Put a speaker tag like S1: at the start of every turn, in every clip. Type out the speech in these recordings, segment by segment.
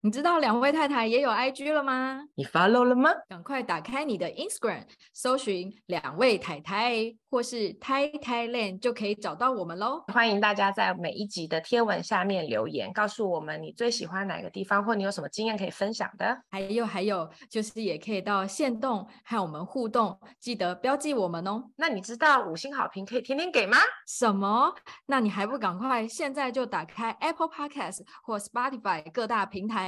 S1: 你知道兩位太太也有 IG 了嗎？你 follow 了嗎？趕快打開你的 Instagram，搜尋“兩位太太”或是“太太 Land” 就可以找到我們嘍。
S2: 歡迎大家在每一集的貼文下面留言，告訴我們你最喜歡哪個地方，或
S1: 你有什麼經驗可以分享的。還有還有，就是也可以到限動和我們互動，記得標記我們哦。那你知道五星好評可以天天給嗎？什麼？那你還不趕快現在就打開 Apple Podcast 或 Spotify 各大平台。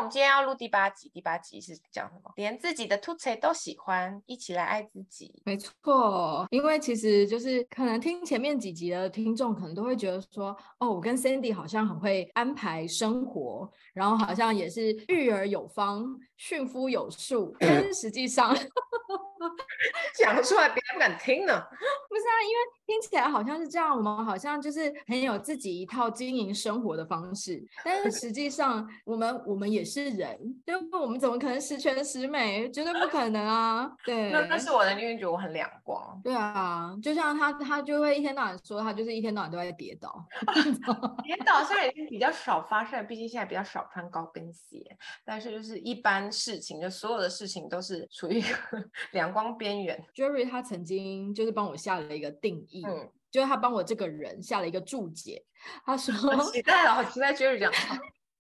S2: 我們今天要錄第八集，第八集是講什麼？連自己的凸槌都喜歡，一起來愛自己。
S1: 沒錯，因為其實就是可能聽前面幾集的聽眾，可能都會覺得說，哦，我跟 Sandy 好像很會安排生活，然後好像也是育兒有方，馴夫有術。但是實際上，講 出來別人不敢聽呢。那因為聽起來好像是這樣，我們好像就是很有自己一套經營生活的方式，但是實際上我們我們也是人，對，我們怎麼可能十全十美，絕對不可能啊。對，那那是我的另
S2: 一半，覺得我很兩光。
S1: 對啊，就像他，他就會一天到晚說，他就是一天到晚都在跌倒。啊、 跌倒
S2: 現在也是比較少發生，畢竟現在比較少穿高跟鞋。但是就是一般
S1: 事情，就所有的事情都是處於兩 光邊緣。Jerry 他曾經就是幫我下了一一個定義，嗯，就是他幫我這個人下了一個注解，嗯，他說，期待哦，好期待就是這樣，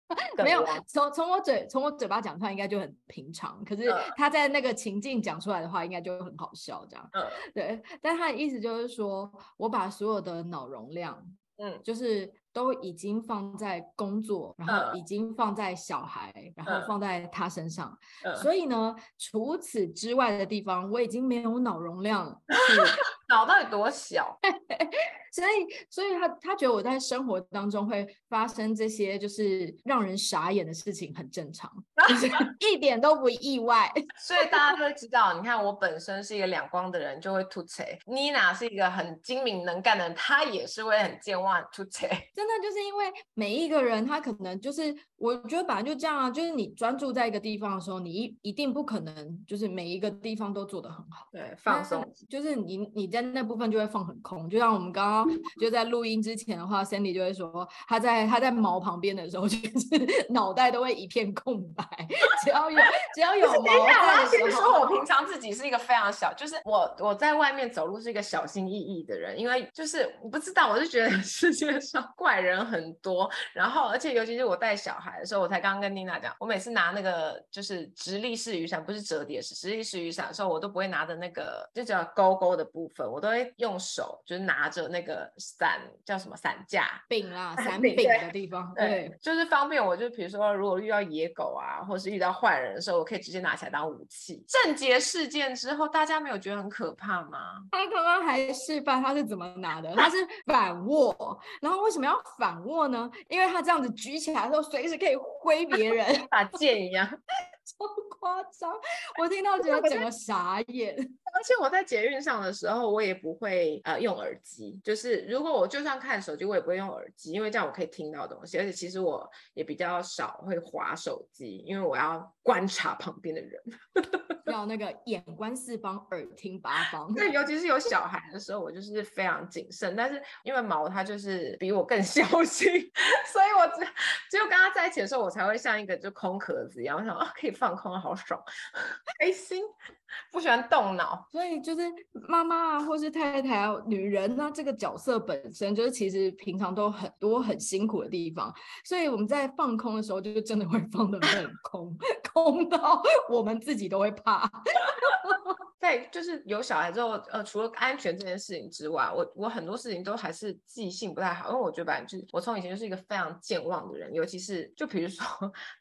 S1: 沒有，從從我嘴從我嘴巴講出來應該就很平常，可是他在那個情境講出來的話，應該就很好笑這樣，嗯，對，但他的意思就是說我把所有的腦容量，嗯，就是。都已經放在工作，然後已經放在小孩，嗯、然後放在他身上，嗯嗯、所以呢，除此之外的地方，我已經沒有腦容量了。是 腦到底多小？ 所以，所以他他覺得我在生活當中會發生這些就是讓人傻眼的事情很正常， 就是一
S2: 點都不意外。所以大家都會知道， 你看我本身是一個兩光的人，就會凸槌。妮娜是一個很精明能幹的人，她也是會很健忘凸槌。真的就
S1: 是因為每一個人，他可能就是我覺得反正就這樣啊，就是你專注在一個地方的時候，你一一定不可能就是每一個地方都做得很好。對，放鬆， 就是你你在那部分就會放很空，就像我們剛剛。就在錄音之前的話，Sandy 就會說他在他在毛旁邊的時候，就是腦袋都會一片空白。只要有只要有毛的時候。其實說我平常自己是一個非常小，就是我我在外面
S2: 走路是一個小心翼翼的人，因為就是我不知道，我就覺得世界上怪人很多。然後，而且尤其是我帶小孩的時候，我才剛剛跟 Nina 講，我每次拿那個就是直立式雨傘，不是折疊式直立式雨傘的時候，我都不會拿着那個就叫勾勾的部分，我都會用手就是拿着那個。傘叫什麼？傘架，柄
S1: 啦，傘柄、嗯、的地方。對，對
S2: 對，就是方便我。就比如說，如果遇到野狗啊，或是遇到壞人的時候，我可以直接拿起來當武器。鄭捷事件之後，大家沒有覺得很可怕嗎？他
S1: 剛剛還示範他是怎麼拿的，他是反握， 然後為什麼要反握呢？因為他這樣子舉起來的時候，隨時可以揮別人，把劍 一樣。好誇張！我聽到覺得整個傻眼。而且我在捷運上的時
S2: 候，我也不會呃用耳機，就是如果我就算看手機，我也不會用耳機，因為這樣我可以聽到東西。而且其實我也比較少會滑手機，因為我要。觀察旁邊的人，
S1: 要那個眼觀四方，耳聽八方。對，尤其
S2: 是有小孩的時候，我就是非常謹慎。但是因為毛他就是比我更小心，所以我只，只有跟他在一起的時候，我才會像一個就空殼子一樣，我想啊、哦、可以放空，好爽，
S1: 開心。不喜歡動腦，所以就是媽媽或是太太、女人呢、啊、這個角色本身，就是其實平常都很多很辛苦的地方，所以我們在放空的時候，就真的會放得很空， 空到我們自己都會怕。 在就是有小孩之後，呃，除了
S2: 安全這件事情之外，我我很多事情都還是記性不太好，因為我覺得吧，就是我從以前就是一個非常健忘的人，尤其是就比如說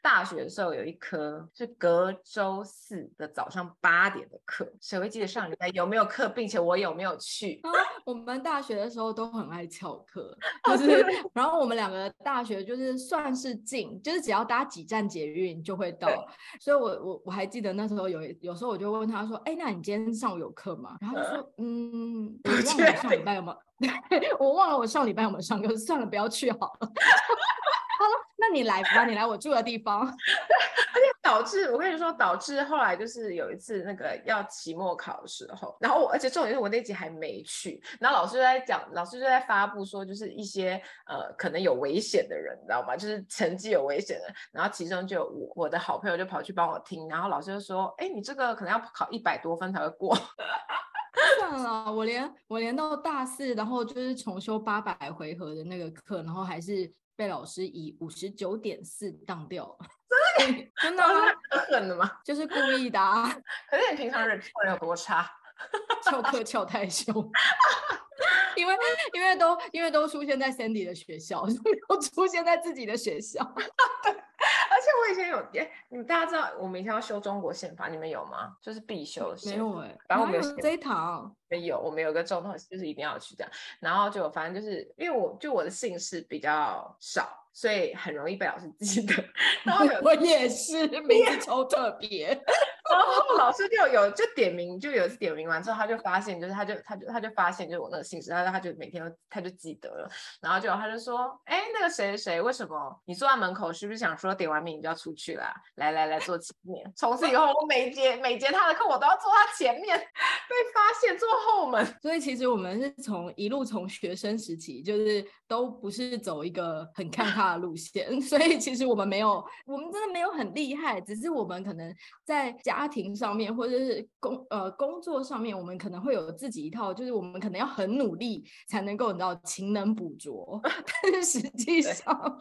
S2: 大學的時候有一科是隔周四的早上八點的課，誰會記得上禮拜有沒有課，並且我有
S1: 沒有去？啊，我們大學的時候都很愛翹課，就是 然後我們兩個大學就是算是近，就是只要搭幾站捷運就會到， 所以我我我還記得那時候有有時候我就問他說，哎，那你今天上午有課嗎？然後就說，啊、嗯，你忘了上禮拜有嗎？ 我忘了我上禮拜有沒有上課，算了，不要去好了。 好，那你來吧，你來我住的地方。 而且導致，我跟
S2: 你說，導致後來就是有一次那個要期末考的時候，然後我而且重點是我那節還沒去，然後老師就在講，老師就在發布說就是一些呃可能有危險的人，你知道嗎？就是成績有危險的。然後其中就我我的好朋友就跑去幫我
S1: 聽，然後老師就說：“欸，你這個可能要考一百多分才會過。”算了，我連我連到大四，然後就是重修八百回合的那個課，然後還是。被老師以五十九點四當掉了，以 真的，啊，真的，很狠的嗎？就是故意的啊！可是你平常人品有多差，翹課翹太凶， 因為因為都因為都出現在 Sandy 的學校，都出現在自己的學校。 我以前有，你們大家知道，我明
S2: 天要修中國憲法，你們有嗎？就是必修的。沒有哎、欸。然後我們有有這一堂沒有，我們有個重頭戲，就是一定要去這樣。然後就反正就是因為我就我的姓氏比較少，所以很容易被老師記得。然後 我也是，名字超特別。 然後老師就有就點名，就有一次點名完之後，他就發現，就是他就他就他就發現，就我那個姓氏，他他就每天都他就記得了，然後就他就說，哎，那個誰誰，為什麼你坐在門口，是不是想說點完名你就要出去了？來來來，坐前面。
S1: 從此以後，我每節 每節他的課，我都要坐他前面，被發現坐後門。所以其實我們是從一路從學生時期，就是都不是走一個很看他的路線，所以其實我們沒有，我們真的沒有很厲害，只是我們可能在假。家庭上面，或者是工、呃工作上面，我們可能會有自己一套，就是我們可能要很努力才能夠得到，勤能補拙，但是實際上，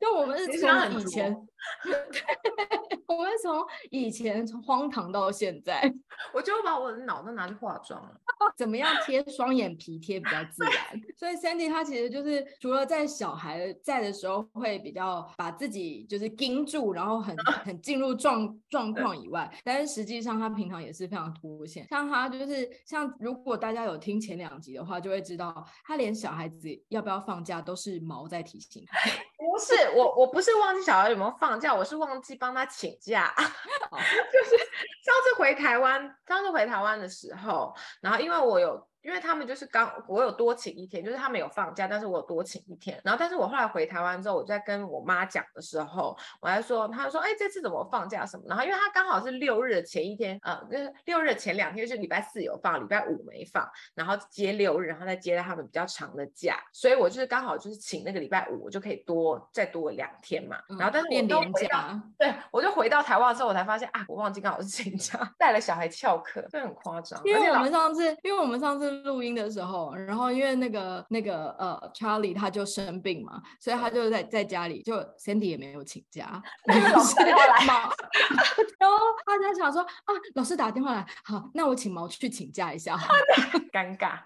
S1: 就對我們是真的以前。 我們從以前從荒唐到現在，我就把我的腦都拿去化妝了。 怎麼樣貼雙眼皮貼比較自然？ 所以 Sandy 他其實就是除了在小孩在的時候會比較把自己就是盯住，然後很很進入狀狀況以外， 對但是實際上他平常也是非常脫線。像他就是像如果大家有聽前兩集的話，就會知道他連小孩子要不要放假都是毛在提醒。 不是，我我不是忘記小孩有沒有放假，我是忘記幫他請假。
S2: 就是上次回台灣，上次回台灣的時候，然後因為我有。因為他們就是剛我有多請一天，就是他們有放假，但是我有多請一天。然後，但是我後來回台灣之後，我在跟我媽講的時候，我還說，他說，哎，這次怎麼放假什麼？然後，因為他剛好是六日的前一天，呃、嗯，就是六日前兩天就是、禮拜四有放，禮拜五沒放，然後接六日，然後再接了他們比較長的假。所以我就是剛好就是請那個禮拜五，我就可以多再多兩天嘛。然後，但是我年假。對，我就回到台灣之後，我才發現啊，我忘記剛好是請假帶了小孩翹課，這很誇張。因為我們
S1: 上次，因為我們上次。錄音的時候，然後因為那個那個呃，Charlie 他就生病嘛，所以他就在在家裡，就 Sandy 也沒有請假。那個老師打然， 然後他就想說啊，老師打電話來，好，那我請毛去請假一下，哦、 尷尬。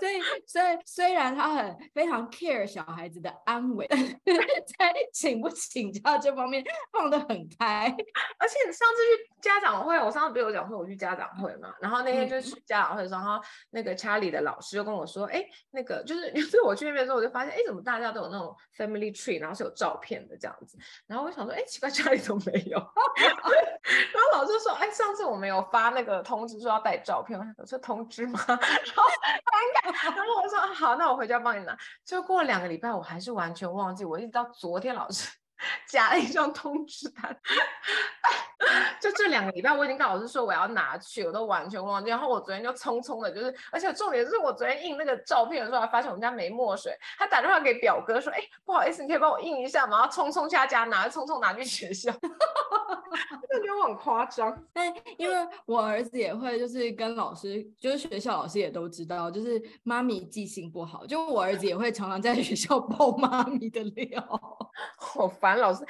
S1: 所以，所以雖然他很非常 care 小孩子的安危，在 請不請假這方面放得很開，而且上次去
S2: 家長會，我上次不是有講說我去家長會嘛，然後那天就去家長會的時候，嗯、那個。查理的老師就跟我說：“哎，那個就是，所以我去那邊之後我就發現，哎，怎麼大家都有那種 family tree，然後是有照片的這樣子。然後我就想說，哎，奇怪，查理都沒有。 然後老師說，哎，上次我們有發那個通知說要帶照片，我說通知嗎？尷尬。然後我說，好，那我回家幫你拿。就過了兩個禮拜，我還是完全忘記。我一直到昨天，老師。”夾了一張通知單， 就這兩個禮拜，我已經跟老師說我要拿去，我都完全忘記了。然後我昨天就匆匆的，就是，而且重點是我昨天印那個照片的時候，還發現我們家沒墨水。他打電話給表哥說：“哎、欸，不好意思，你可以幫我印一下嗎？”然後匆匆去他家拿，匆匆拿去學校。就 覺得我很誇
S1: 張。但、欸、因為我兒子也會，就是跟老師，就是學校老師也都知道，就是媽咪記性不好，就我兒子也會常常在學校爆媽咪的料，好煩。反正老師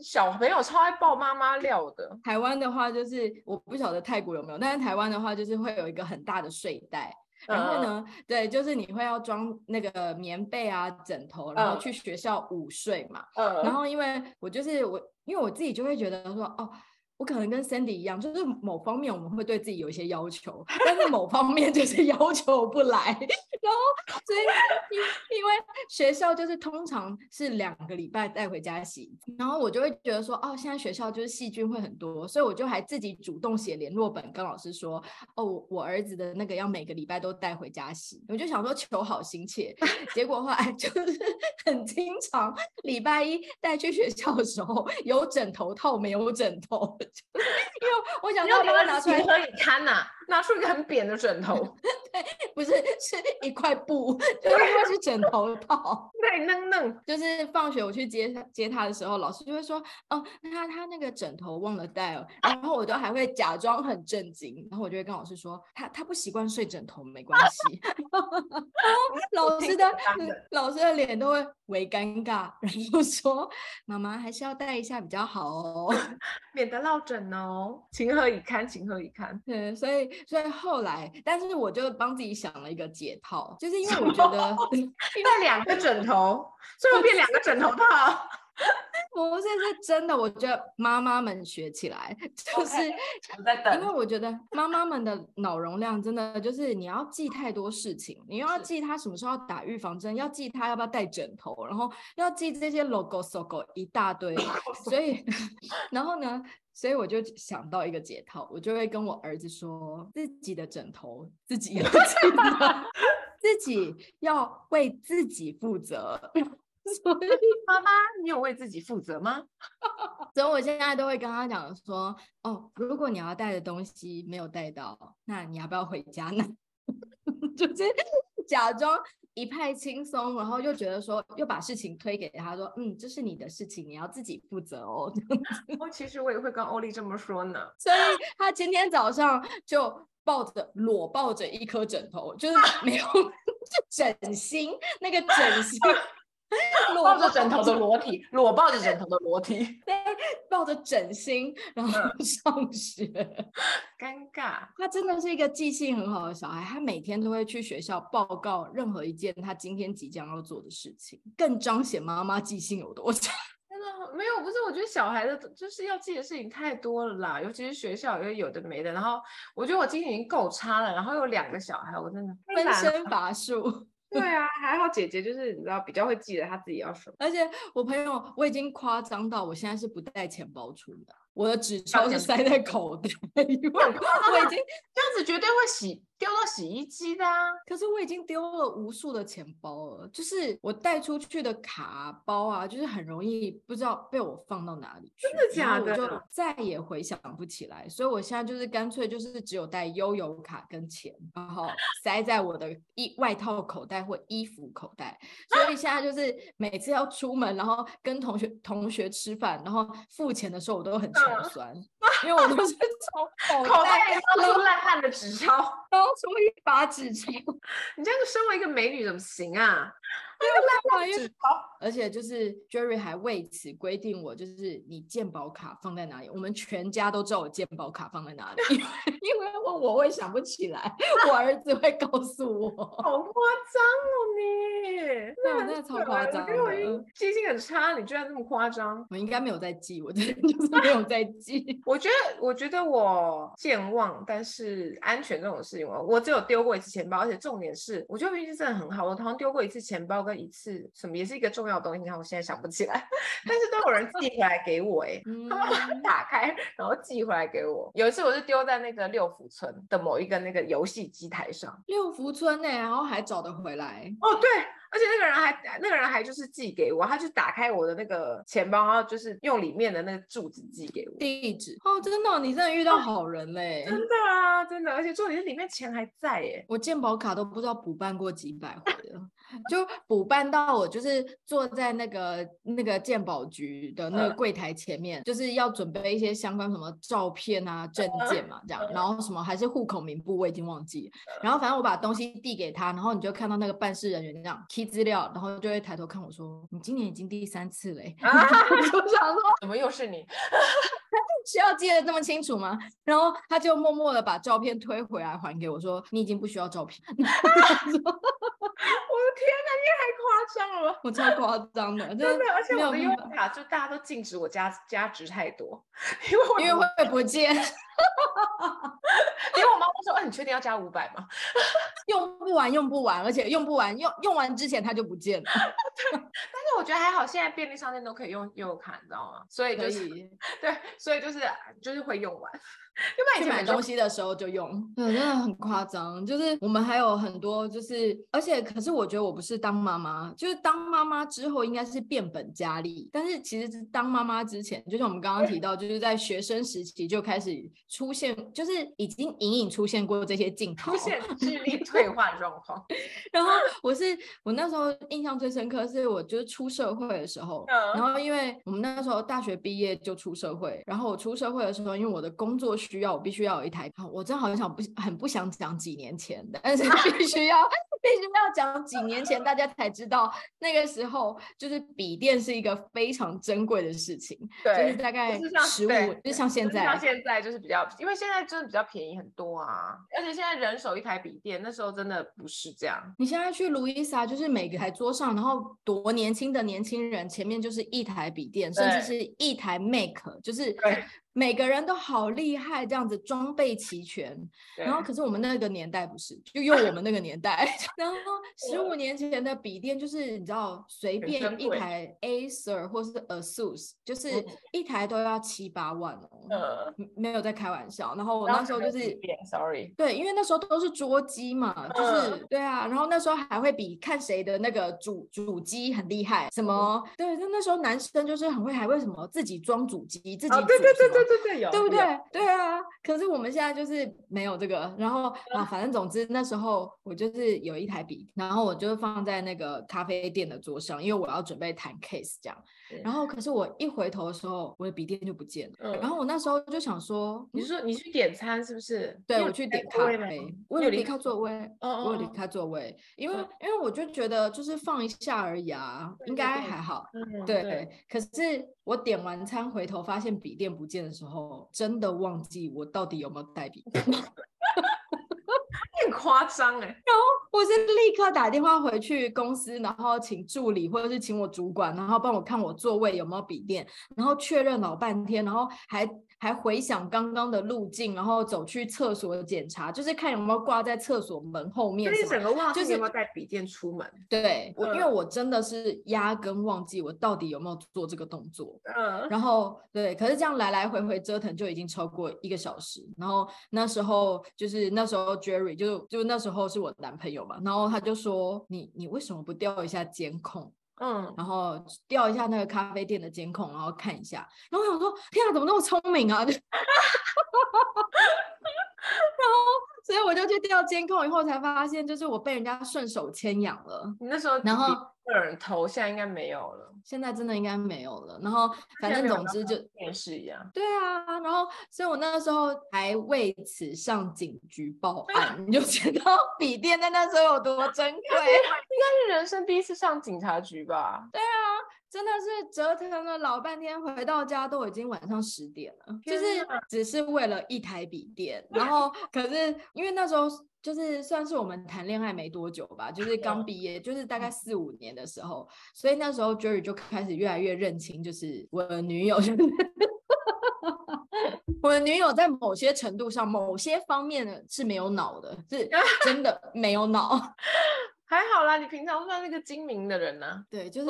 S1: 小朋友超愛爆媽媽料的。台灣的話就是我不曉得泰國有沒有，但是台灣的話就是會有一個很大的睡袋。嗯、然後呢，對，就是你會要裝那個棉被啊、枕頭，然後去學校午睡嘛。嗯、然後因為我就是我，因為我自己就會覺得說哦。我可能跟 Sandy 一樣，就是某方面我們會對自己有一些要求，但是某方面就是要求不來， 然後所以因為學校就是通常是兩個禮拜帶回家洗，然後我就會覺得說，哦，現在學校就是細菌會很多，所以我就還自己主動寫聯絡本跟老師說，哦，我兒子的那個要每個禮拜都帶回家洗，我就想說求好心切，結果後來就是很經常禮拜一帶去學校的時候有枕頭套沒有枕頭。
S2: 因為 我想，媽媽拿出來一看吶，拿出一個很扁的枕頭，對，不是，
S1: 是一塊布，因為是枕頭套。對，弄弄，就是放學我去接接他的時候，老師就會說：“哦，那他他那個枕頭忘了帶了。然後我都還會假裝很震驚，然後我就會跟老師說：“他他不習慣睡枕頭，沒關係。”老師的老師的臉都會微尷尬，然後說：“媽媽還是要帶一下比較好哦，免得讓。”抱枕哦，情何以堪，情何以堪。嗯，所以，所以後來，但是我就幫自己想了一個解套，就是因為我覺得帶兩個枕頭，最後 變兩個枕頭套。 不是是真的，我覺得媽媽們學起來，就是因為我覺得媽媽們的腦容量真的，就是你要記太多事情，你又要記他什麼時候要打預防針，要記他要不要帶枕頭，然後要記這些 logo、logo 一大堆，所以，然後呢，所以我就想到一個解套，我就會跟我兒子說：自己的枕頭自己要，自己要為自己負責。所以，媽媽，你有為自己負責嗎？所以，我現在都會跟他講說：哦，如果你要帶的東西沒有帶到，那你要不要回家呢？ 就是假裝一派輕鬆，然後又覺得說，又把事情推給他說：嗯，這是你的事情，你要自己負責哦。然後，其實我也會跟歐麗這麼說呢。所以，他今天早上就抱着裸抱着一顆枕頭，就是沒有枕芯， 那個枕芯。 抱着枕頭的裸體，裸抱着枕頭的裸體，對，抱着枕芯然後上學，嗯、尷尬。他真的是一個記性很好的小孩，他每天都會去學校報告任何一件他今天即將要做的事情，更彰顯媽媽記性有多差。真
S2: 的沒有，不是，我覺得小孩的就是要記的事情太多了啦，尤其是學校又有的沒的。然後我覺得我今天已經夠差了，然後有兩個小孩，我真的分身
S1: 乏術。 對啊，還好姐姐就是你知道比較會記得她自己要什麼，而且我朋友，我已經誇張到我現在是不帶錢包出門，我的紙鈔是塞在口袋， 因為我已經這樣子絕對會洗。丟到洗衣機的、啊，可是我已經丟了無數的錢包了，就是我帶出去的卡啊包啊，就是很容易不知道被我放到哪裡去。真的假的？就再也回想不起來，所以我現在就是乾脆就是只有帶悠遊卡跟錢，然後塞在我的衣外套口袋或衣服口袋， 所以現在就是每次要出門，然後跟同學同學吃飯，然後付錢的時候，我都很窮酸， 因為我都是從口袋裡掏 出爛爛的紙鈔。掏出一把紙巾。你這樣身為一個美女怎麼行啊？而且就是 Jerry 還為此規定我，就是你健保卡放在哪裡，我們全家都知道我健保卡放在哪裡， 因為因為問我會想不起來， 我兒子會告訴我。好誇張哦你，那我那超誇張，我記性很
S2: 差，你居然那麼誇張。我，我應該沒有在記，我真的就是沒有在記。 我覺得我覺得我健忘，但是安全這種事。我只有丟過一次錢包，而且重點是，我覺得運氣真的很好。我好像丟過一次錢包跟一次什麼，也是一個重要的東西，你看我現在想不起來。但是都有人寄回來給我，欸，哎，他們把它打開，然後寄回來給我。有一次我是丟在那個六福村的某一個那個遊戲機台上，
S1: 六福村呢，欸，然後還找得回來。
S2: 哦，對。而且那個人還那個人還就是寄給我，他就打開我的那個錢包，然後就是用裡面的那個柱子寄給我地址哦，真的、哦，你真的
S1: 遇到好人嘞、哦，真的啊，真的，而且重點是裡面錢還在耶，我健保卡都不知道補辦過幾百回了。 就補辦到我就是坐在那個那個健保局的那個櫃檯前面，就是要準備一些相關什麼照片啊證件嘛、啊、這樣，然後什麼還是戶口名簿我已經忘記，然後反正我把東西遞給他，然後你就看到那個辦事人員這樣 key 資料，然後就會抬頭看我說你今年已經第三次了，我、啊、想說怎麼又是你？需要記得這麼清楚嗎？然後他就默默的把照片推回來還給我說你已經不需要照片。太誇張了！我超誇張的，真的，真的，而且我的悠遊卡
S2: 就大家都禁止我加加值太多，因為我因為會不，會不見。哈哈哈！哈哈連我媽媽說：“哎，你確定要加五百嗎？ 用不完，用不完，而且用不完，用用完之前它就不見了。 ”但是我覺得還好，現在便利商店都可以用悠遊卡，你知道嗎？所以、就是、可以對，所以就是就是會用完，因為以前買東西
S1: 的時候就用，就對，真的很誇張。就是我們還有很多，就是而且，可是我覺得我不是當媽媽，就是當媽媽之後應該是變本加厲。但是其實當媽媽之前，就像我們剛剛提到，對就是在學生時期就開始。出現就是已經隱隱出現過這些鏡頭，
S2: 出現智力退化狀
S1: 況。然後我是我那時候印象最深刻，是我就是出社會的時候。Uh. 然後因為我們那時候大學畢業就出社會，然後我出社會的時候，因為我的工作需要，我必須要有一台。我正好很想不很不想講幾年前的，但是必須要、uh. 必須要講幾年前，uh. 大家才知道那個時候就是筆電是一個非常珍貴的事情，對就是大概十五，就像現在，就是、像現在
S2: 就是比較。因為現在真的比較便宜很多啊，而且現在人手一台筆電，那時候真的不是這樣。
S1: 你現在去路易莎，就是每個台桌上，然後多年輕的年輕人前面就是一台筆電，對甚至是一台 Mac 就是。每個人都好厲害，這樣子裝備齊全。對然後可是我們那個年代不是，就用我們那個年代。 然後十五年前的筆電就是你知道，隨便一台 Acer 或是 Asus，就是一台都要七八萬哦。 沒有在開玩笑。然後我那時候就是，sorry。對，因為那時候都是桌機嘛，就是對啊。然後那時候還會比看誰的那個主主機很厲害，什麼？對，那那時候男生就是很會，還會什麼自己裝主機，自己組什麼。Oh, 對對對
S2: 對對不對？
S1: 對啊。可是我們現在就是沒有這個。然後啊，反正總之那時候我就是有一台筆，然後我就放在那個咖啡店的桌上，因為我要準備談 case 這樣。然後可是我一回頭的時候，我的筆電就不見了。然後我那時候就想說，你說你去點餐是不是？對，我去點咖啡，我有離開座位，我有離開座位，因為因為我就覺得就是放一下而已啊，應該還好。對，可是。我點完餐回頭發現筆電不見的時候，真的忘記我到底有沒有帶筆。 誇張哎！欸、然後我是立刻打電話回去公司，然後請助理或者是請我主管，然後幫我看我座位有沒有筆電，然後確認老半天，然後還還回想剛剛的路徑，然後走去廁所檢查，就是看有沒有掛在廁所門後面什麼。就是整個
S2: 忘記有沒有
S1: 帶筆電出門。就是、對，我、uh. 因為我真的是壓根忘記我到底有沒有做這個動作。嗯。Uh. 然後對，可是這樣來來回回折騰就已經超過一個小時。然後那時候就是那時候 Jerry 就。就那時候是我男朋友嘛，然後他就說，你你為什麼不調一下監控？嗯，然後調一下那個咖啡店的監控，然後看一下。然後我想說天啊，怎麼那麼聰明啊！就 然後所以我就去調監控，以後才發現就是我被人家順手牽羊了。你那時候然後。個人頭像應該沒有了，現在真的應該沒有了。然後反正總之就電視一樣。對啊，然後所以我那個時候還為此上警局報案， 你就知道筆電在那時候有多珍貴， 應該是人生第一次上警察局吧？對啊，真的是折騰了老半天，回到家都已經晚上十點了，就是只是為了一台筆電。然後可是因為那時候。就是算是我們談戀愛沒多久吧，就是剛畢業，就是大概四五年的時候，所以那時候 Jerry 就開始越來越認清，就是我的女友， 我的女友在某些程度上、某些方面呢是沒有腦的，是真的沒有腦。 還好啦，你平常算是個精明的人呢、啊。對，就是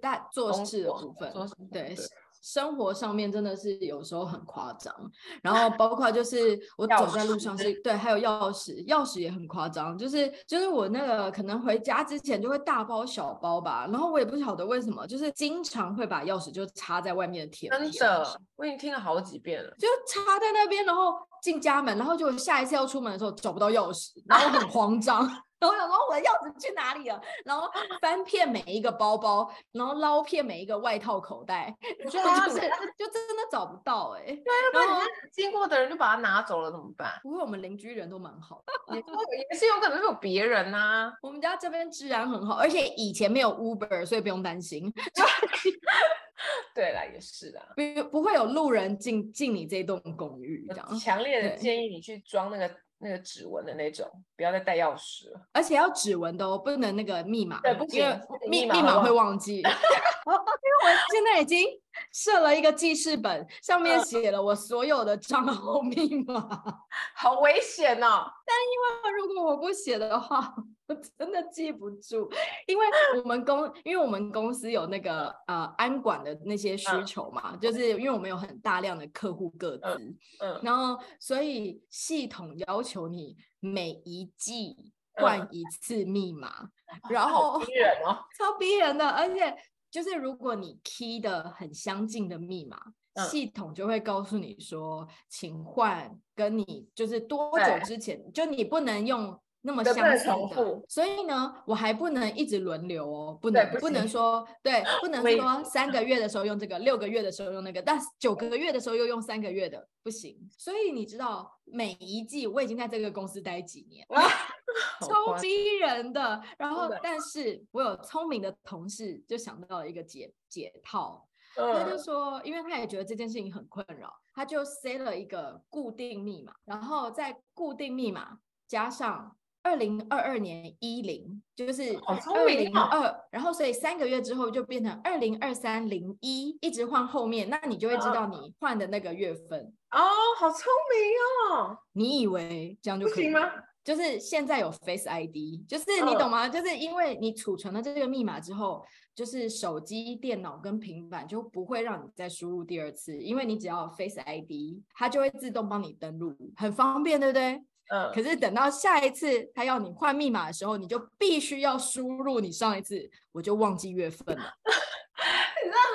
S1: 大做事的部分。對。生活上面真的是有時候很誇張，然後包括就是我走在路上是鑰匙，對，還有鑰匙，鑰匙也很誇張，就是就是我那個可能回家之前就會大包小包吧，然後我也不曉得為什麼，就是經常會把鑰匙就插在外面的鐵門。真
S2: 的，我已經聽了好幾遍了，
S1: 就插在那邊，然後進家門，然後就下一次要出門的時候找不到鑰匙，然後很慌張。啊然後我，我的鑰匙去哪裡了？然後翻遍每一個包包，然後撈遍每一個外套口袋，我覺得就是就真的找不到哎、欸。對後，要我們經過的人就把它拿走了怎麼辦？不會，我們鄰居人都蠻好的，啊，也是有可能是有別人吶，啊。我們家這邊治安很好，而且以前沒有 Uber，所以不用擔心。 對啦，也是的，不不會有路人進進你這棟公寓這樣，強
S2: 烈的建議你去裝那個。那個指紋的那種，不要再帶鑰匙，
S1: 而且要指紋的哦，不能那個密碼，對，不行，密密碼會忘記。 因為、oh, okay, 我現在已經設了一個記事本，上面寫了我所有的賬號密碼， 好危險哦、啊！但因為如果我不寫的話，我真的記不住。因為我們公，因為我們公司有那個呃安管的那些需求嘛，嗯、就是因為我們有很大量的客戶個資，嗯，然後所以系統要求你每一季換一次密碼，嗯、然後逼、哦、超逼人的，而且。就是如果你 key 的很相近的密碼，嗯、系統就會告訴你說，請換跟你就是多久之前，對就你不能用那麼相似的，所以呢，我還不能一直輪流哦，對不能不，行不能說對，不能說三個月的時候用這個，六個月的時候用那個，但九個月的時候又用三個月的不行。所以你知道，每一季我已經在這個公司待幾年，哇超逼人的，然後但是我有聰明的同事就想到了一個解解套，對他就說，因為他也覺得這件事情很困擾，他就塞了一個固定密碼，然後在固定密碼加上二零二二年一零，就是二零二，然後所以三個月之後就變成二零二三零一，一直換後面，那你就會知道你換的那個月份哦，好聰明哦！你以為這樣就可以嗎？就是現在有 Face ID，就是你懂嗎？Oh. 就是因為你儲存了這個密碼之後，就是手機、電腦跟平板就不會讓你再輸入第二次，因為你只要 Face ID，它就會自動幫你登錄，很方便，對不對？Oh. 可是等到下一次它要你換密碼的時候，你就必須要輸入你上一次，我就忘記月份了。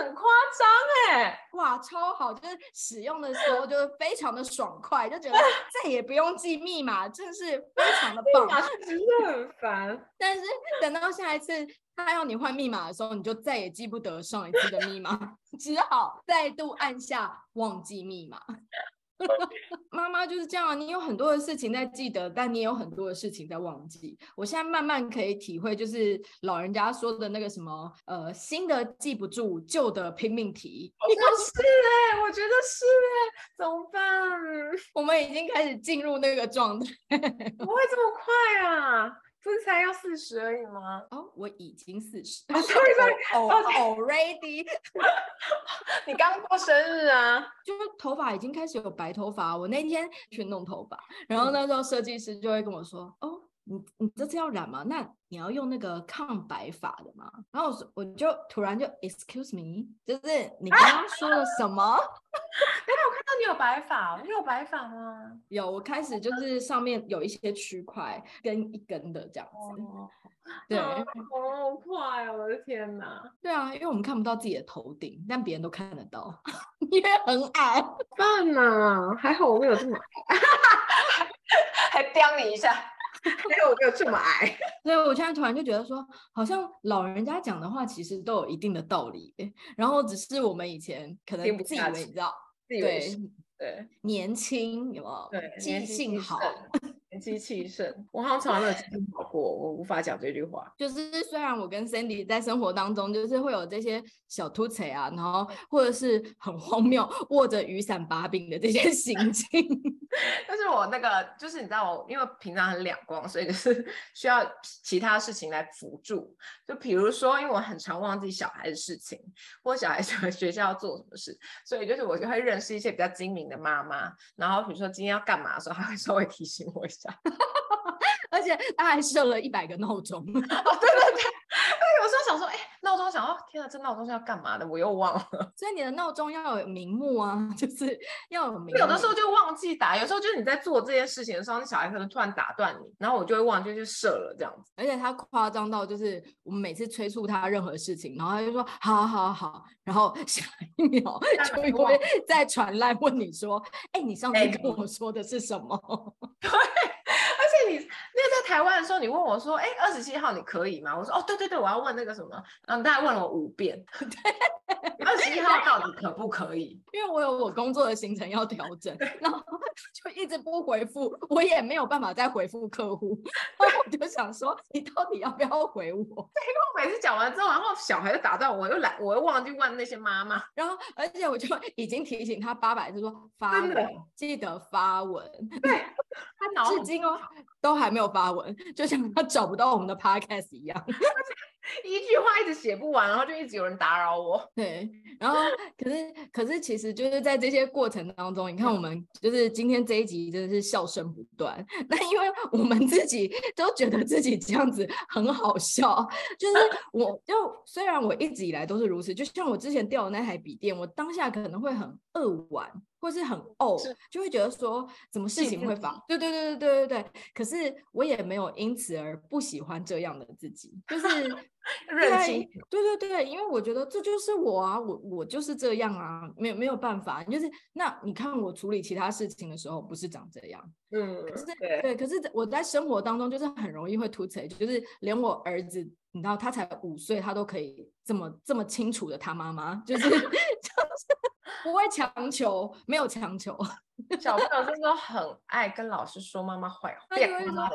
S1: 很誇張哎，哇，超好，就是使用的時候就是非常的爽快，就覺得再也不用記密碼， 真的是非常的棒。 密碼真的很煩，但是等到下一次他要你換密碼的時候，你就再也記不得上一次的密碼， 只好再度按下忘記密碼。 媽媽就是這樣、啊，你有很多的事情在記得，但你也有很多的事情在忘記。我現在慢慢可以體會，就是老人家說的那個什麼，呃，新的記不住，舊的拼命提。我是、欸、我覺得是、欸、怎麼辦、啊？ 我們已經開始進入那個狀
S2: 態，不 會這麼快啊。不是才要四
S1: 十而已嗎？哦，oh, 我已經四十、oh, sorry , already。哦，sorry，哦哦 already 你剛過生日啊？就頭髮已經開始有白頭髮。我那天去弄頭髮，然後那時候設計師就會跟我說：“哦、嗯。” oh, 你你這次要染嗎？那你要用那個抗白髮的嗎？然後我說，我就突然就 Excuse me，就是你剛剛說了什麼？哎、啊，為 我看到你有白髮，你有白髮嗎、啊？有，我開始就是上面有一些區塊跟一根的這樣子。哦、對、哦，好
S2: 快、
S1: 哦！我的天哪！對啊，因為我們看不到自己的頭頂，但別人都看得到，因 為很矮。天哪，還好我沒有這麼矮， 還刁你一下。沒有、 哎，我沒有這麼矮。所以， 我現在突然就覺得說，好像老人家講的話其實都有一定的道理，然後只是我們以前可能也不到對。對對，年輕有沒有？對，記性好。輕 年紀氣盛，我好像從來沒有聽到過，我無法講這句話。就是雖然我跟 Sandy 在生活當中，就是會有這些小凸槌啊，然後或者是很荒謬，握着雨傘把柄的這些行徑
S2: 但是我那個就是你知道我，我因為平常很兩光，所以就是需要其他事情來輔助。就比如說，因為我很常忘記小孩的事情，或小孩去學校要做什麼事，所以就是我就會認識一些比較精明的媽媽。然後比如說今天要幹嘛的時候，她會稍微提醒我一下。 而且他還設了一百個鬧鐘，哦、啊、天啊，這鬧鐘是要幹嘛的？我又忘
S1: 了。所以你的鬧鐘要有名目啊，就是要有名。有的時候就
S2: 忘記打，有時候就是你在做這件事情的時候，那小孩可能突然打斷你，然後我就會忘記去設了這樣子。而且他
S1: 誇張到，就是我們每次催促他任何事情，然後他就說好好好，然後下一秒就會再傳來問你說：“哎、欸，你上次跟我說的是什麼？”欸、 對。你那在台灣的時候，你問我說：“哎、欸，二十七
S2: 號你可以嗎？”我說：“哦，對對對，我要問那個什麼。”然後大概問了我五遍：“二十七號到底可不可以？”
S1: 因為我有我工作的行程要調整，對然後就一直不回復，我也沒有辦法再回復客戶。對後來我就想說：“你到底
S2: 要不要回我？”因為我每次講完之後，然後小孩子打斷，我又來，我又忘記問那些媽
S1: 媽。然後，而且我就已經提醒他八百次說：“發文，的記得發文。”對。他至今哦，都還沒有發文，就像他找不到我們的 podcast 一樣， 一句話一直寫不完，然後就一直有人打擾我。對，然後可是可是其實就是在這些過程當中， 你看我們就是今天這一集真的是笑聲不斷。那因為我們自己都覺得自己這樣子很好笑，就是我就，就 雖然我一直以來都是如此，就像我之前掉的那台筆電，我當下可能會很扼腕。或是很傲、oh, 是，就會覺得說，什麼事情會發？對對對對對對對。可是我也沒有因此而不喜歡這樣的自己，就是熱情。 性對，對對對，因為我覺得這就是我啊，我我就是這樣啊，沒有沒有辦法。就是那你看我處理其他事情的時候，不是長這樣。嗯。是對，對，可是我在生活當中，就是很容易會凸槌，就是連我兒子，你知道，他才五歲，他都可以這麼這麼清楚的，他媽媽就是就是。 就是不會強求，沒有強求。 小朋友真的很愛跟老師說媽媽壞話，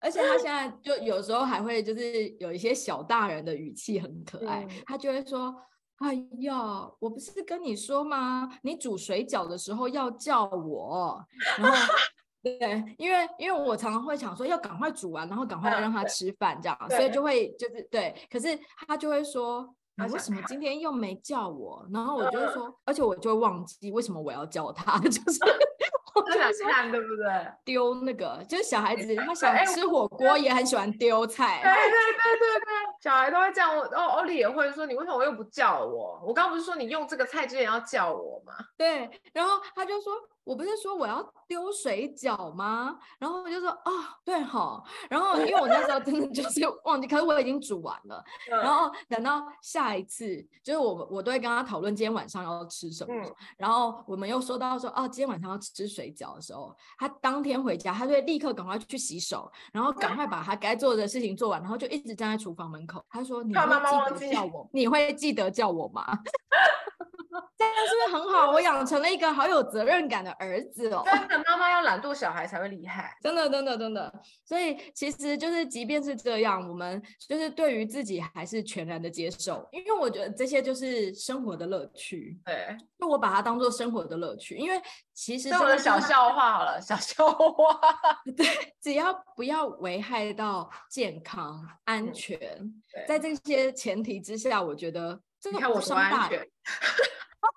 S1: 而且他現在就有時候還會就是有一些小大人的語氣很可愛，對他就會說：“哎呀，我不是跟你說嗎？你煮水餃的時候要叫我。”然後， 對，因為因為我常常會想說要趕快煮完，然後趕快讓他吃飯這樣，對所以就會就是對，可是他就會說。你為什麼今天又沒叫我？然後我就說，嗯、而且我就會忘記為什麼我要叫他，就是、嗯。 不想看對不對？丟那個就是小孩子，那個欸、他想吃火鍋，也很喜歡丟菜。對，對
S2: 對對對對，小孩都會叫我哦，歐利也會說：“你為什麼又不叫我？”我剛，剛不是說你
S1: 用這個菜之前要叫我嗎？對。然後他就說：“我不是說我要丟水餃嗎？”然後我就說：“哦、啊，對好。然後因為我那時候真的就是忘記， 可是我已經煮完了。然後等到下一次，就是我我都會跟他討論今天晚上要吃什麼。嗯、然後我們又說到說：“哦、啊，今天晚上要吃水。”洗腳的時候，他當天回家，他就會立刻趕快去洗手，然後趕快把他該做的事情做完，然後就一直站在廚房門口。他說：“你會記得叫我？你會記得叫我嗎？” 這樣是不是很好？我養成了一個好有責任感的兒子哦。真的，媽媽要懶惰，小孩才會厲害。 真的，真的，真的。所以其實就是，即便是這樣，我們就是對於自己還是全然的接受，因為我覺得這些就是生活的樂趣。對，就我把它當做生活的樂趣，因為其實是我的小笑話好了，小笑話。 對，只要不要危害到健康安全，嗯、在這些前提之下，我覺得這個你看我多安全。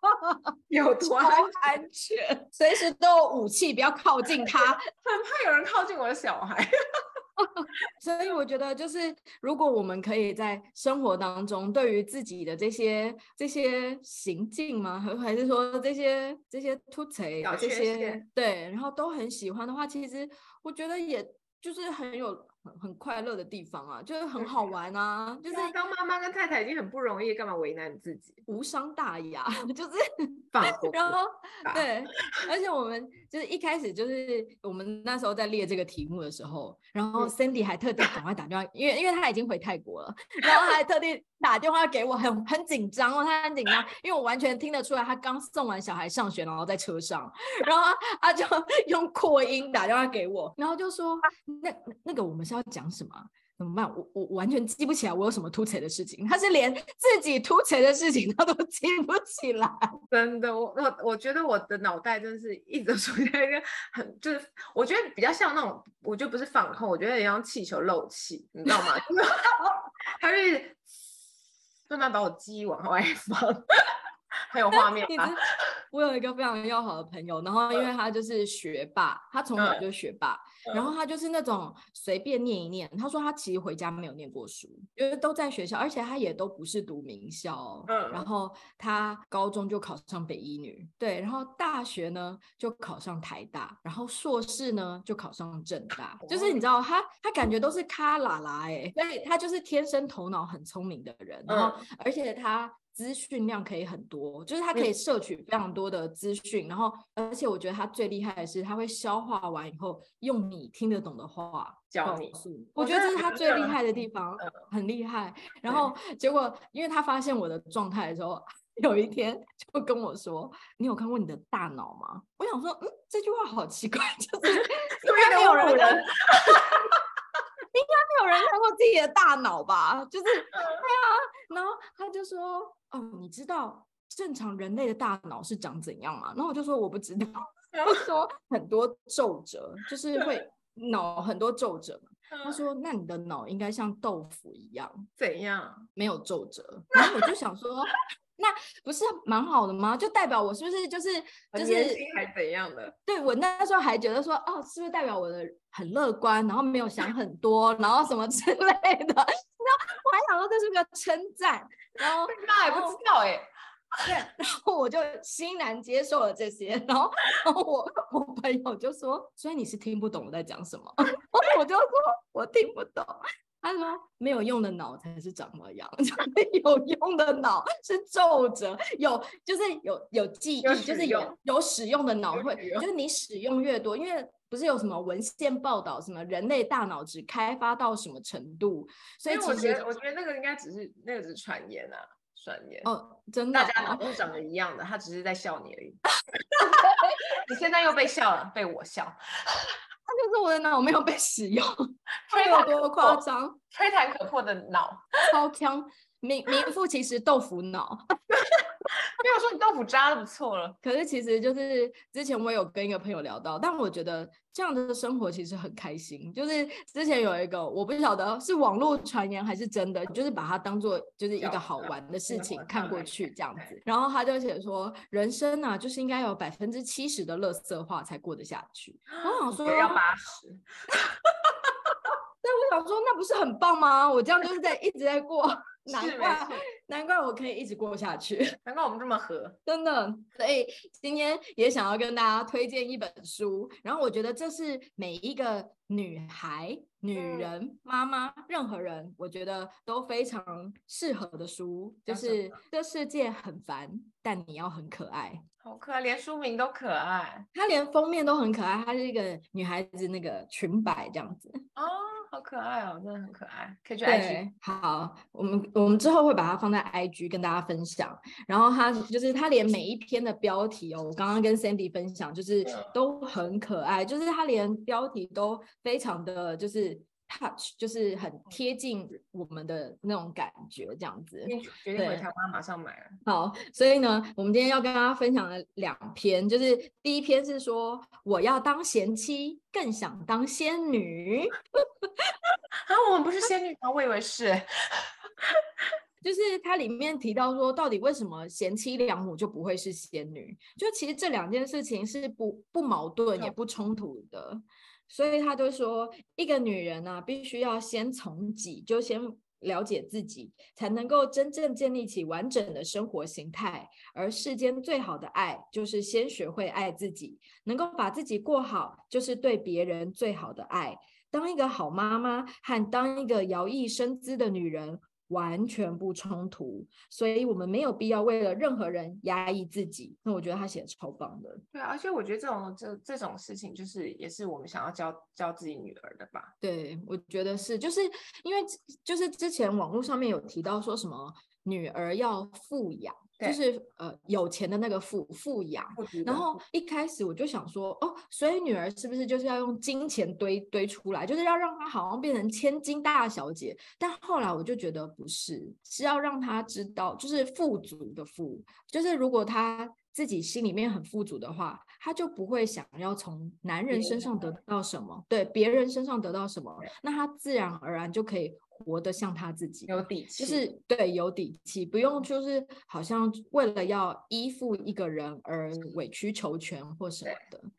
S1: 全有多安全？隨時都有武器，不要靠近他。 很怕有人靠近我的小孩。 所以我覺得，就是如果我們可以在生活當中，對於自己的這些這些行徑嗎，還還是說這些這些凸槌這些對，然後都很喜歡的話，其實我覺得也就是很有。很快樂的地方啊，就是很好玩啊，嗯、就是當媽媽跟太太已經很不容易，幹嘛為難你自己？無傷大雅，就是，爸 然後爸對，而且我們就是一開始就是我們那時候在列這個題目的時候，然後 Sandy 還特地趕快打電話， 因為因為他已經回泰國了，然後還特地打電話給我很，很很緊張哦，他很緊張，因為我完全聽得出來，他剛送完小孩上學，然後在車上，然後他就用擴音打電話給我，然後就說那那個我們是。要講什麼？怎麼辦？我我完全記不起來，我有什麼凸槌的事情。他是連自己凸槌的事情他都記不
S2: 起來，真的。我我我覺得我的腦袋真是一直處在一個很，就是我覺得比較像那種，我就不是放空，我覺得有點像氣球漏氣，你知道嗎？
S1: 他是慢慢把我記憶往外放。很 有畫面啊 你！我有一個非常要好的朋友，然後因為他就是學霸，嗯、他從小就學霸，嗯、然後他就是那種隨便念一念。他說他其實回家沒有念過書，因為都在學校，而且他也都不是讀名校。嗯、然後他高中就考上北一女，對，然後大學呢就考上台大，然後碩士呢就考上政大，就是你知道他，他他感覺都是咖拉拉哎，所以他就是天生頭腦很聰明的人，然後而且他。嗯資訊量可以很多，就是他可以攝取非常多的資訊，嗯、然後，而且我覺得他最厲害的是，他會消化完以後用你聽得懂的話教你。
S2: 我覺得這是他最厲害
S1: 的地方，嗯、很厲害。然後結果，因為他發現我的狀態的時候，嗯、有一天就跟我說：“嗯、你有看過你的大腦嗎？”我想說，嗯，這句話好奇怪，就是因為 的沒有人。 應該沒有人看過自己的大腦吧？就是， 哎呀，然後他就說：“哦，你知道正常人類的大腦是長怎樣嗎？”然後我就說：“我不知道。”然後說：“很多皺褶，就是會腦很多皺褶。” 他說：“那你的腦應該像豆腐一樣，怎樣？沒有皺褶。”然後我就想說。 那不是蠻好的嗎？就代表我是不是就是就是還怎樣的？對，我那時候還覺得說，哦，是不是代表我的很樂觀，然後沒有想很多，然後什麼之類的？然後我還想說這是個稱讚，然後那還不知道，欸，對，然後我就欣然接受了這些，然後然後我我朋友就說，所以你是聽不懂我在講什麼？我就說我聽不懂。他說沒有用的腦才是怎麼樣？ 有用的腦是皺褶，有就是有有記憶，有就是有有使用的腦會，就是你使用越多，因為不是有什麼文獻報道什麼人類大腦只開發到什麼程度，所以其實我覺得
S2: 我覺得那個應該只是那個只是傳言啊。專
S1: 業哦，真的、啊，大家腦子長
S2: 得一樣的，他只是在笑你而已。 你現在又被笑了，被我笑。
S1: 他就是我的腦，沒有被使用，吹有多誇張？吹彈可破的腦，超強。名名副其實豆腐腦， 沒有說你豆腐渣就不錯了。可是其實就是之前我有跟一個朋友聊到，但我覺得這樣的生活其實很開心。就是之前有一個我不曉得是網絡傳言還是真的，就是把它當做就是一個好玩的事情看過去這樣子。然後他就寫說，人生啊，就是應該有百分之七十的垃圾話才過得下去。我想說我要八十， 但我想說那不是很棒嗎？我這樣就是在一直在過。難怪，是嗎難怪我可以一直過下去。難怪我們這麼合， 真的。所以今天也想要跟大家推薦一本書，然後我覺得這是每一個女孩、女人、嗯、媽媽、任何人，我覺得都非常適合的書，就是《這世界很煩，但你要很可愛》。
S2: 好可愛，連書名都可愛。
S1: 它連封面都很可愛，它是一個女孩子那個裙擺這樣子。
S2: 哦。好可愛哦，真的很可愛。可以去
S1: IG，好，我們我們之後會把它放在 IG 跟大家分享。然後它就是它連每一篇的標題哦，我剛剛跟 Sandy 分享，就是都很可愛，就是它連標題都非常的，就是。Touch 就是很貼近我們的那種感覺，這樣子。嗯、對決定回台灣對馬上買了。好，所以呢，我們今天要跟大家分享的兩篇，就是第一篇是說，我要當賢妻，更想當仙女。嗯、 啊，我們不是仙女嗎？我以為是。 就是它裡面提到說，到底為什麼賢妻良母就不會是仙女？就其實這兩件事情是不不矛盾也不衝突的。嗯所以，他就說，一個女人呢、啊，必須要先從己，就先了解自己，才能夠真正建立起完整的生活形態。而世間最好的愛，就是先學會愛自己，能夠把自己過好，就是對別人最好的愛。當一個好媽媽和當一個搖曳生姿的女人。完全不衝突，所以我們沒有必要為了任何人壓抑自己。那我覺得他寫的超棒的。
S2: 對啊，而且我覺得這種這這種事情，就是也是我們想要教教自己女兒的吧。
S1: 對，我覺得是，就是因為就是之前網絡上面有提到說什麼女兒要富養。就是對呃有錢的那個富富養，富養，然後一開始我就想說哦，所以女兒是不是就是要用金錢堆堆出來，就是要讓她好像變成千金大小姐？但後來我就覺得不是，是要讓她知道，就是富足的富，就是如果她自己心裡面很富足的話。他就不會想要從男人身上得到什麼，別人對別人身上得到什麼，對那他自然而然就可以活得像他自己，有底氣，就是對有底氣，不用就是好像為了要依附一個人而委曲求全或什麼的。對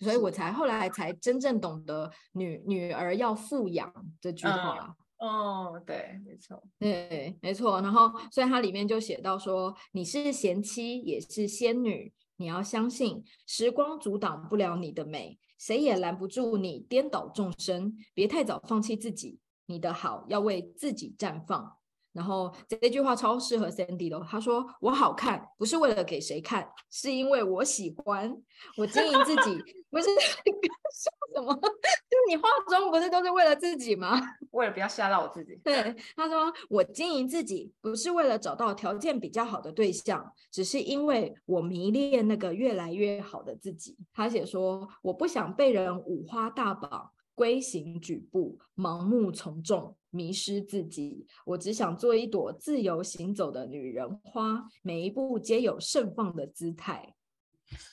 S1: 所以我才是後來才真正懂得女“女女兒要富養”這句話。嗯。哦，對，沒錯，
S2: 對，
S1: 沒錯。然後，所以它裡面就寫到說：“你是賢妻，也是仙女。”你要相信，時光阻擋不了你的美，誰也攔不住你顛倒眾生。別太早放棄自己，你的好要為自己綻放。然後這句話超適合 Sandy 的哦，他說：“我好看不是為了給誰看，是因為我喜歡我經營自己。” 不是你笑是什麼？就是你化妝不是都是為了自己嗎？為了不要嚇到我自己。對，他說：“我經營自己不是為了找到條件比較好的對象，只是因為我迷戀那個越來越好的自己。”他寫說：“我不想被人五花大綁、規行矩步、盲目從眾。”迷失自己，我只想做一朵自由行走的女人花，每一步皆有盛放的姿態。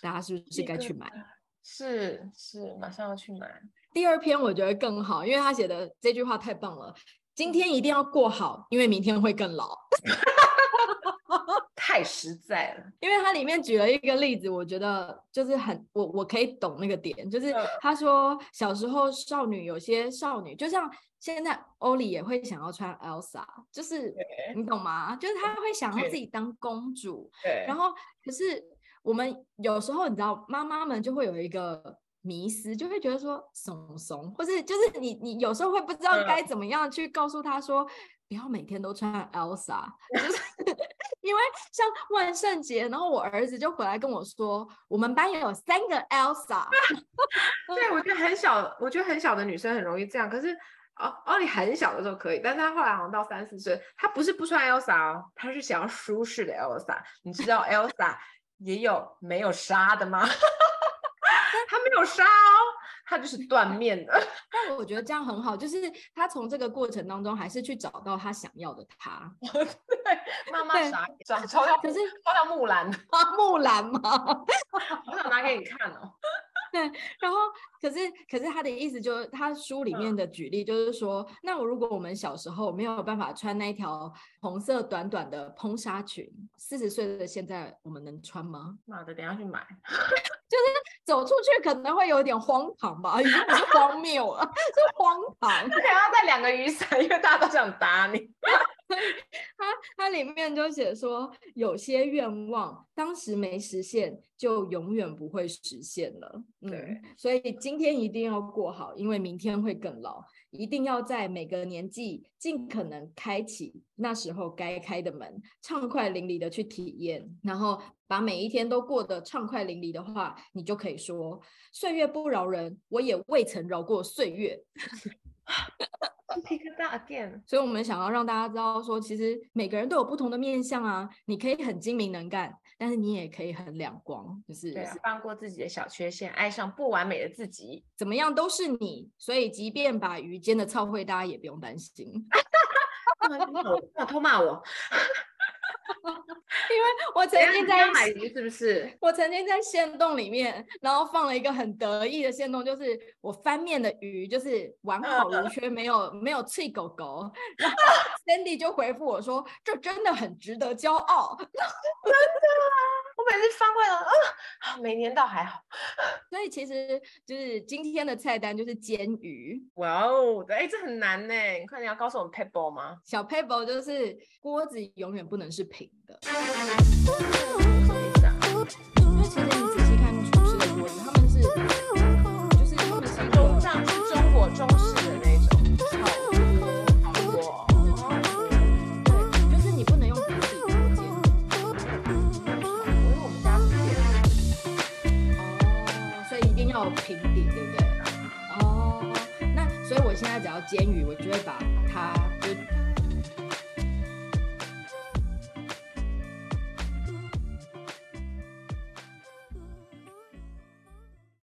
S1: 大家是不是該去買？是是，馬上要去買。第二篇我覺得更好，因為他寫的這句話太棒了。今天一定要過好，因為明天會更老。嗯、 太實在了，因為他裡面舉了一個例子，我覺得就是很我我可以懂那個點，就是他說、嗯、小時候少女有些少女就像。現在歐裡也會想要穿 Elsa，就是對你懂嗎？就是他會想要自己當公主。對。然後可是我們有時候你知道，媽媽們就會有一個迷思，就會覺得說慫慫，或是就是你你有時候會不知道該怎麼樣去告訴她說，對不要每天都穿 Elsa，就是 因為像萬聖節，然後我兒子就回來跟我說，我們班也有三個 Elsa、啊。對， 我覺
S2: 得很小，我覺得很小的女生很容易這樣，可是。哦哦，你很小的時候可以，但他後來好像到三四歲，他不是不穿 Elsa 哦，他是想要舒適的 Elsa。你知道 Elsa
S1: 也有沒有紗的嗎？他 沒有紗哦，他就是緞面的。但我覺得這樣很好，就是他從這個過程當中還是去找到他想要的他。 對，媽媽啥？找成到可是他有木蘭，木蘭嗎？
S2: 我想拿給你看哦。
S1: 對，然後可是可是他的意思就是，他書裡面的舉例就是說，那我如果我們小時候沒有辦法穿那條紅色短短的蓬紗裙，四十歲的現在我們能穿嗎？我的，等一下去買，就是走出去可能會有點荒唐吧，不、哎、是荒謬啊，是荒唐，想要帶兩個雨傘，因為大家都想打你。 它，它裡面就寫說，有些願望當時沒實現，就永遠不會實現了。嗯，所以今天一定要過好，因為明天會更老。一定要在每個年紀盡可能開啟那時候該開的門，暢快淋漓的去體驗。然後把每一天都過得暢快淋漓的話，你就可以說：歲月不饒人，我也未曾饒過歲月。 Pick that again，所以我們想要讓大家知道說，其實每個人都有不同的面相啊。你可以很精明能幹，但是你也可以很兩光，就是放過自己的小缺陷，愛上不完美的自己，怎麼樣都是你。所以，即便把魚尖的操會，大家也不用擔心。
S2: 哈哈哈幹嘛偷罵我？
S1: 因為我曾經在是不是？我曾經在限動裡面，然後放了一個很得意的限動，就是我翻面的魚，就是完好無缺，呃、沒有沒有脆狗狗。然後 Sandy 就回復我說，這 真的很值得驕傲，真的嗎？ 我每次翻過來了啊，每年倒還好，所以其實就是今天的菜單就是煎魚。哇哦，哎，這很難呢，快你點你要告訴我們 Pebble 嗎？小 Pebble 就是鍋子永遠不能是平的。嗯，等一下，嗯煎魚，我覺得把。